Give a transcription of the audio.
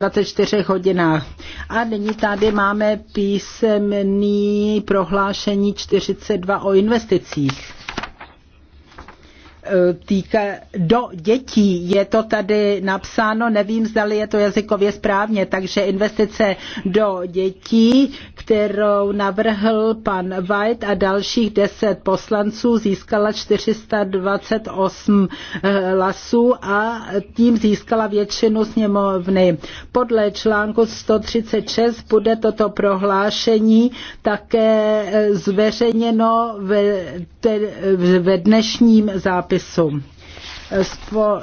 24 hodinách. A nyní tady máme písemný prohlášení 42 o investicích. E, týka, do dětí je to tady napsáno, nevím, zda je to jazykově správně, takže investice do dětí kterou navrhl pan White a dalších deset poslanců, získala 428 eh, hlasů a tím získala většinu sněmovny. Podle článku 136 bude toto prohlášení také eh, zveřejněno ve, ve dnešním zápisu. Eh, spo